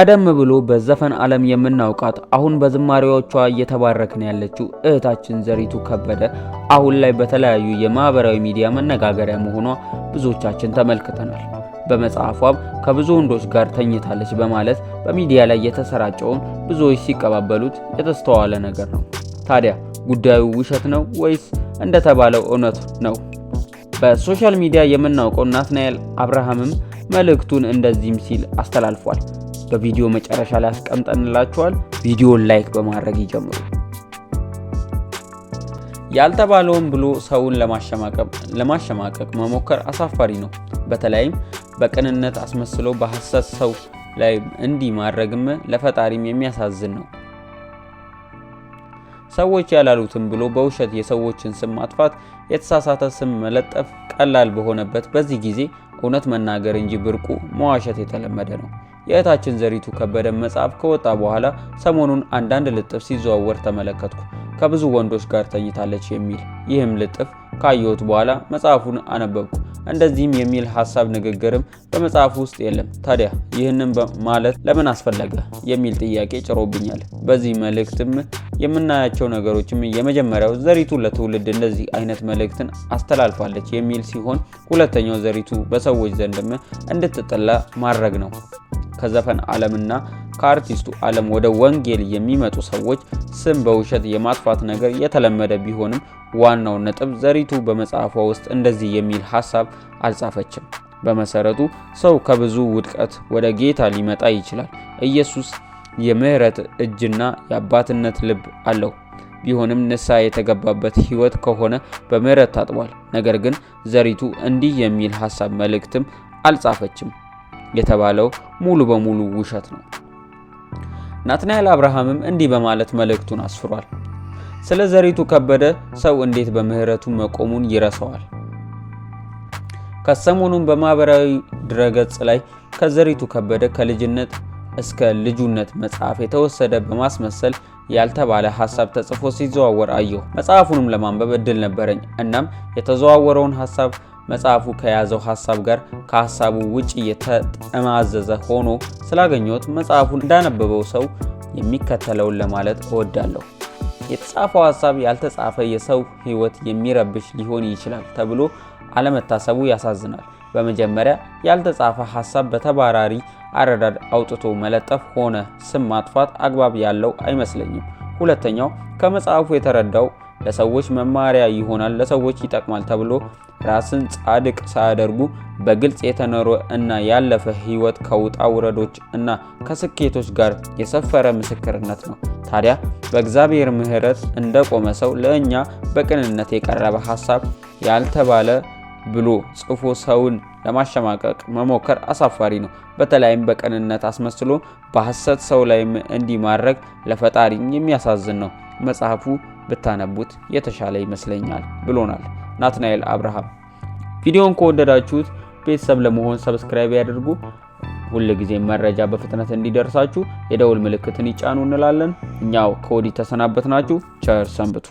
ቀደም ብሎ በዘፈን ዓለም የምናውቃት አሁን በዝማሬዎቿ እየተባረክን ያለችው እህታችን ዘሪቱ ከበደ አሁን ላይ በተለያዩ የማህበራዊ ሚዲያ መነጋገሪያ መሆኗ ብዙዎቻችን ተመልክተናል። በመጽሐፏም ከብዙ ወንዶች ጋር ተኝታለች በማለት በሚዲያ ላይ የተሰራጨውን ብዙዎች ሲቀባበሉት የተስተዋለ ነገር ነው። ታዲያ ጉዳዩ ውሸት ነው ወይስ እንደተባለው እውነት ነው? በሶሻል ሚዲያ የምናውቀው ናትናኤል አብርሃምም መልእክቱን እንደዚህም ሲል አስተላልፏል። በቪዲዮ መጨረሻ ላይ አስቀምጠንላችኋል። ቪዲዮን ላይክ በማድረግ ይጀምሩ። ያልተባለውን ብሎ ሰውን ለማሸማቀቅ መሞከር አሳፋሪ ነው። በተለይም በቅንነት አስመስሎ በሐሰት ሰው ላይ እንዲህ ማድረግም ለፈጣሪም የሚያሳዝን ነው። ሰዎች ያላሉትን ብሎ በውሸት የሰዎችን ስም ማጥፋት፣ የተሳሳተ ስም መለጠፍ ቀላል በሆነበት በዚህ ጊዜ እውነት መናገር እንጂ ብርቁ መዋሸት የተለመደ ነው። የእህታችን ዘሪቱ ከበደ መጽሐፍ ከወጣ በኋላ ሰሞኑን አንዳንድ ልጥፍ ሲዘዋወር ተመለከትኩ። ከብዙ ወንዶች ጋር ተኝታለች የሚል ይህም ልጥፍ ካየሁት በኋላ መጽሐፉን አነበብኩ። እንደዚህም የሚል ሀሳብ ንግግርም በመጽሐፉ ውስጥ የለም። ታዲያ ይህንን ማለት ለምን አስፈለገ የሚል ጥያቄ ጭሮብኛል። በዚህ መልእክትም የምናያቸው ነገሮችም የመጀመሪያው ዘሪቱ ለትውልድ እንደዚህ አይነት መልእክትን አስተላልፋለች የሚል ሲሆን፣ ሁለተኛው ዘሪቱ በሰዎች ዘንድም እንድትጠላ ማድረግ ነው። ከዘፈን ዓለምና ከአርቲስቱ ዓለም ወደ ወንጌል የሚመጡ ሰዎች ስም በውሸት የማጥፋት ነገር የተለመደ ቢሆንም ዋናው ነጥብ ዘሪቱ በመጽሐፏ ውስጥ እንደዚህ የሚል ሀሳብ አልጻፈችም። በመሰረቱ ሰው ከብዙ ውድቀት ወደ ጌታ ሊመጣ ይችላል። ኢየሱስ የምህረት እጅና የአባትነት ልብ አለው። ቢሆንም ንስሐ የተገባበት ህይወት ከሆነ በምህረት ታጥቧል። ነገር ግን ዘሪቱ እንዲህ የሚል ሀሳብ መልእክትም አልጻፈችም። የተባለው ሙሉ በሙሉ ውሸት ነው። ናትናኤል አብርሃምም እንዲህ በማለት መልእክቱን አስፍሯል። ስለ ዘሪቱ ከበደ ሰው እንዴት በምህረቱ መቆሙን ይረሳዋል? ከሰሞኑን በማህበራዊ ድረገጽ ላይ ከዘሪቱ ከበደ ከልጅነት እስከ ልጁነት መጽሐፍ የተወሰደ በማስመሰል ያልተባለ ሀሳብ ተጽፎ ሲዘዋወር አየሁ። መጽሐፉንም ለማንበብ እድል ነበረኝ። እናም የተዘዋወረውን ሀሳብ መጽሐፉ ከያዘው ሀሳብ ጋር ከሀሳቡ ውጭ የተጠማዘዘ ሆኖ ስላገኘት መጽሐፉን እንዳነበበው ሰው የሚከተለውን ለማለት እወዳለሁ። የተጻፈው ሀሳብ ያልተጻፈ የሰው ህይወት የሚረብሽ ሊሆን ይችላል ተብሎ አለመታሰቡ ያሳዝናል። በመጀመሪያ ያልተጻፈ ሀሳብ በተባራሪ አረዳድ አውጥቶ መለጠፍ ሆነ ስም ማጥፋት አግባብ ያለው አይመስለኝም። ሁለተኛው ከመጽሐፉ የተረዳው ለሰዎች መማሪያ ይሆናል፣ ለሰዎች ይጠቅማል ተብሎ ራስን ጻድቅ ሳያደርጉ በግልጽ የተኖረ እና ያለፈ ህይወት ከውጣ ውረዶች እና ከስኬቶች ጋር የሰፈረ ምስክርነት ነው። ታዲያ በእግዚአብሔር ምሕረት እንደቆመ ሰው ለእኛ በቅንነት የቀረበ ሀሳብ ያልተባለ ብሎ ጽፎ ሰውን ለማሸማቀቅ መሞከር አሳፋሪ ነው። በተለይም በቅንነት አስመስሎ በሐሰት ሰው ላይ እንዲማረግ ለፈጣሪ የሚያሳዝን ነው። መጽሐፉ ብታነቡት የተሻለ ይመስለኛል ብሎናል። ናትናኤል አብርሃም። ቪዲዮውን ከወደዳችሁት ቤተሰብ ለመሆን ሰብስክራይብ ያድርጉ። ሁል ጊዜ መረጃ በፍጥነት እንዲደርሳችሁ የደውል ምልክትን ይጫኑ እንላለን። እኛው ከወዲህ ተሰናበትናችሁ። ቸር ሰንብቱ።